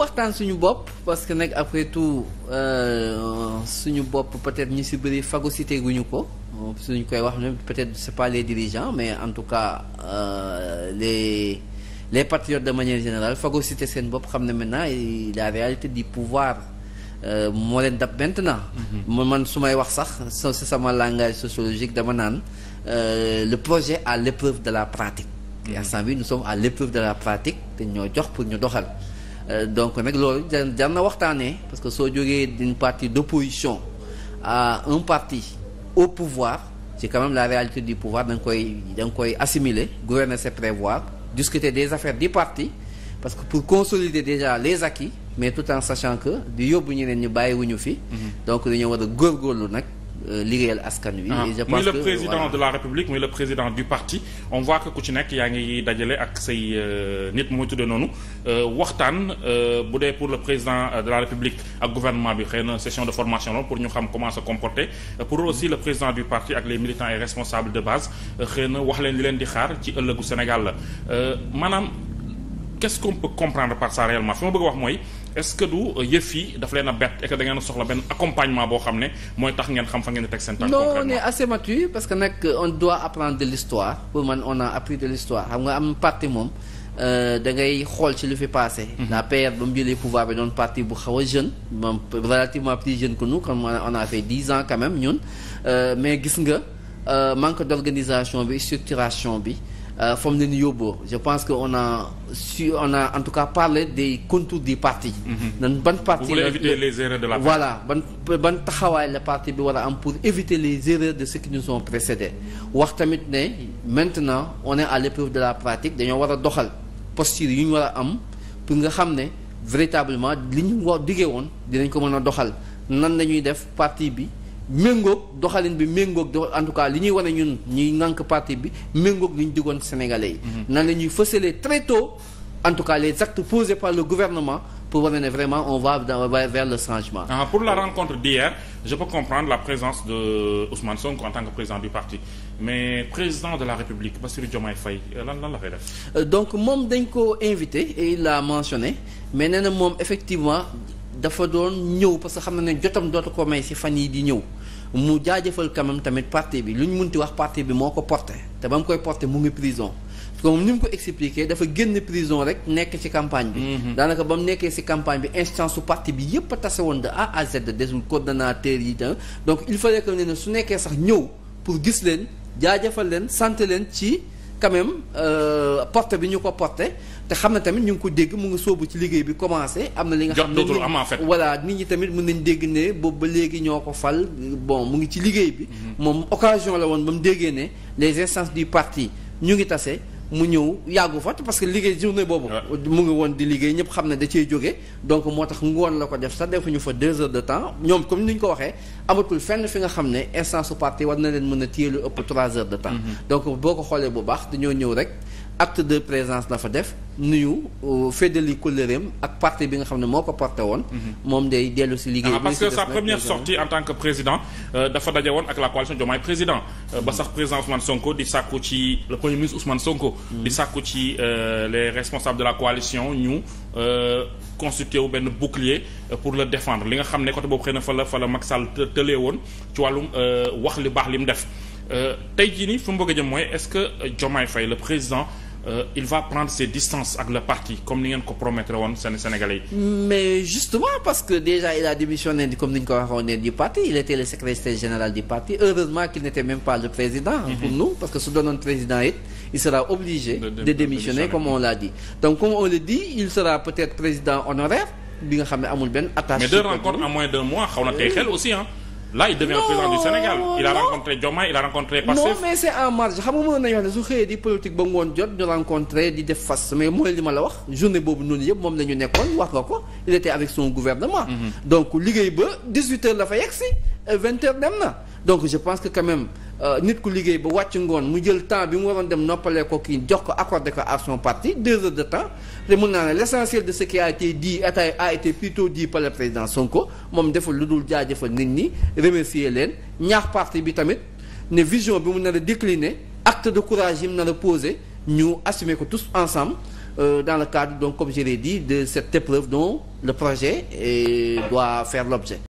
waxtaan suñu bopp parce que nag après tout euh, suñu bopp peut-être ñu si bëri phagocyté guñu ko suñu euh, koy wax ne peut-être c'est pas les dirigeants mais en tout cas euh, les les patriotes de manière générale phagocyté seen bopp xam ne maintenant la réalité du pouvoir euh, moo leen dab maintenant. Mhm. man man su may wax sax si sama langage sociologique dama naan le projet à l'épreuve de la pratique. et instant mhm. bi nous sommes à l'épreuve de la pratique te ñoo jox pour ñu doxal. Euh, donc nag loolu jar na waxtaanee parce que soo jógee d'une partie d'opposition à un parti au pouvoir ci quand la réalité du pouvoir da nga koy da nga koy assimiler gouverner c'est prévoir discuter des affaires du parti parce que pour consolider déjà les acquis mais tout en sachant que di yóbbu ñeneen ñu bàyyiwuñu fi mm-hmm. donc dañoo war a góorgóorlu nag Euh, liggéeyal askan wi. Ah, et muy le président de la république muy le président du parti on voit que ku ci nekk yaa ngi dajale ak say euh, nit mu tuddee noonu euh, waxtaan bu dee pour le président de la république ak gouvernement bi xëy na session de formation la pour ñu xam comment se comporter pour aussi le président du parti ak le militants et responsables de base xëy na wax leen li leen di xaar ci ëllëgu Sénégal la maanaam qu'est-ce qu'on peut comprendre par ça réellement fi wax mooy. est-ce que du euh, yëf yi leen a bett et que a soxla benn accompagnement boo xam ne mooy tax ngeen xam fa ngeen di teg seen tànk non on est assez mature parce que nag euh, on doit apprendre de l'histoire pour man on a appris de l'histoire xam nga am parti moom euh, da ngay xool ci lu fi passé mhm. la PR ba mu jëlee pouvoir bi doon parti bu xaw a jeune moom relativement plus jeune que nous comme on a fait dix ans quand ñun mais gis nga manque d'organisation bi structuration bi fa mu leen yóbboo je pense que on a su on a en tout cas parlé des contours du parti. Mhm. nan ban parti. vous voulez éviter les erreurs de la. voilà ban ban taxawaay la parti bi war a am pour éviter les erreurs de ceux qui nous ont wax tamit ne maintenant on est à l'épreuve de la pratique dañoo war a doxal posture yu ñu war a am pour nga xam ne véritablement li ñu war diggee woon dinañ ko mën a doxal nan la ñuy def parti bi. méngoog doxalin bi méngoog do en tout cas li ñuy wane ñun ñuy ŋànk parti bi méngoog li ñu digoon sénégalais yi. Mhm. nan la ñuy fësalee très tôt en tout cas les actes posés par le gouvernement pour wane ne vraiment on va dans, vers le changement. Ah, pour la rencontre d'hier je peux comprendre la présence de Ousmane Sonko en tant que président du parti mais président de la République Bassirou Diomaye Faye euh, lan lan euh, donc moom dañ ko invité et il l'a mentionné mais nee na moom effectivement. dafa doon ñëw parce que xam na ne jotam dootu ko may ci fan yi di ñëw mu jaajafal quand même tamit parti bi lu ñu mun ti wax parti bi moo ko porté te ba mu koy porté mu ngi prison comme ni mu ko expliqué dafa génn prison rek nekk ci campagne bi mhm. daanaka ba mu nekkee ci campagne bi instance su parti bi yépp a tase woon de A à Z desul coordonnateur yi donc il fa que ne su nekkee sax ñëw pour gis leen jaajëfal leen sant leen ci quand même euh, porte bi ñu ko porte te xam na tamit ñu ngi ko dégg mu ngi soobu ci liggéey bi commencé am na li nga xam ne voilà nit ñi tamit mën nañ dégg ne boobu ba léegi ñoo ko fal bon mu ngi ci liggéey bi mm-hmm. moom occasion la woon ba mu déggee ne les instances du partie ñu ngi tase mu ñëw yàggu fa parce que liggéey journée boobu. mu ngi woon di liggéey ñëpp xam ne da cee jóge donc moo tax ngoon la ko def sa defuñu fa deux heures de temps ñoom comme ni ñu ko waxee amatul fenn fi nga xam ne instance su parti war na leen mën a tiye lu ëpp trois heures de temps. Mm-hmm. donc boo ko xoolee bu baax dañoo ñëw rek acte de présence la fa def. nuyu euh, feddali kóllëreem ak parti bi nga xam ne moo ko porté woon. Mhm. moom day dellu si liggéey ah, bi. parce que sa première sortie en tant que président euh, dafa daje woon ak la coalition Diomaye président. Euh, ba sax président Ousmane Sonko di sàkku ci le premier ministre Ousmane Sonko. Mhm. di sàkku ci les responsables de la coalition ñu. constitué wu benn bouclier pour le défendre li nga xam ne côté boobu xëy na fa la fa la Macky Sall tëlee woon ci wàllum wax li baax li mu def tey jii ni fu mu bëgg a jëm mooy est-ce que Diomaye Faye le président Euh, il va prendre ses distances ak le parti comme ni ngeen ko promettre woon seen Sénégalais yi. mais justement parce que déjà il a démissionné comme ni ñu ko waxoon ne du parti il était le secrétaire général du parti heureusement qu'il n'était même pas le président. pour mhm. nous parce que su doonoon président il sera obligé. de, démissionner comme on l'a dit. donc comme on le dit il sera peut-être président honoraire bi nga xam ne amul benn attache. mais deux rencontres moins d'un mois xaw a tey laa il devient président du Sénégal il a rencontré Diomaye il a rencontré Pastef non mais c'est en marge xam nga mënoon nañu wax ne su xëyee di politique ba ngoon jot ñu rencontré di def fas mais mooy li la wax journée boobu noonu yëpp moom la nekkoon wax nga ko il était avec son gouvernement mhm. donc liggéey ba 18 heures la fa yegg si 20 heures dem na donc je pense que quand Euh, nit ku liggéey ba wàcc ngoon mu jël temps bi mu waroon dem noppalee ko kii jox ko accordé ko à son parti deux heures de temps te mun naa ne l' de ce qui a di dit a été plutôt dit par le président Sonko moom deful lu dul jaajëfal nit ni remercier leen ñaax parti bi tamit ne vision bi mu nar a décliner acte de courage yi mu nar a posé ñu assume ko tous ensemble Euh, dans le cadre donc comme je de cette épreuve dont le projet est, euh, doit faire l'objet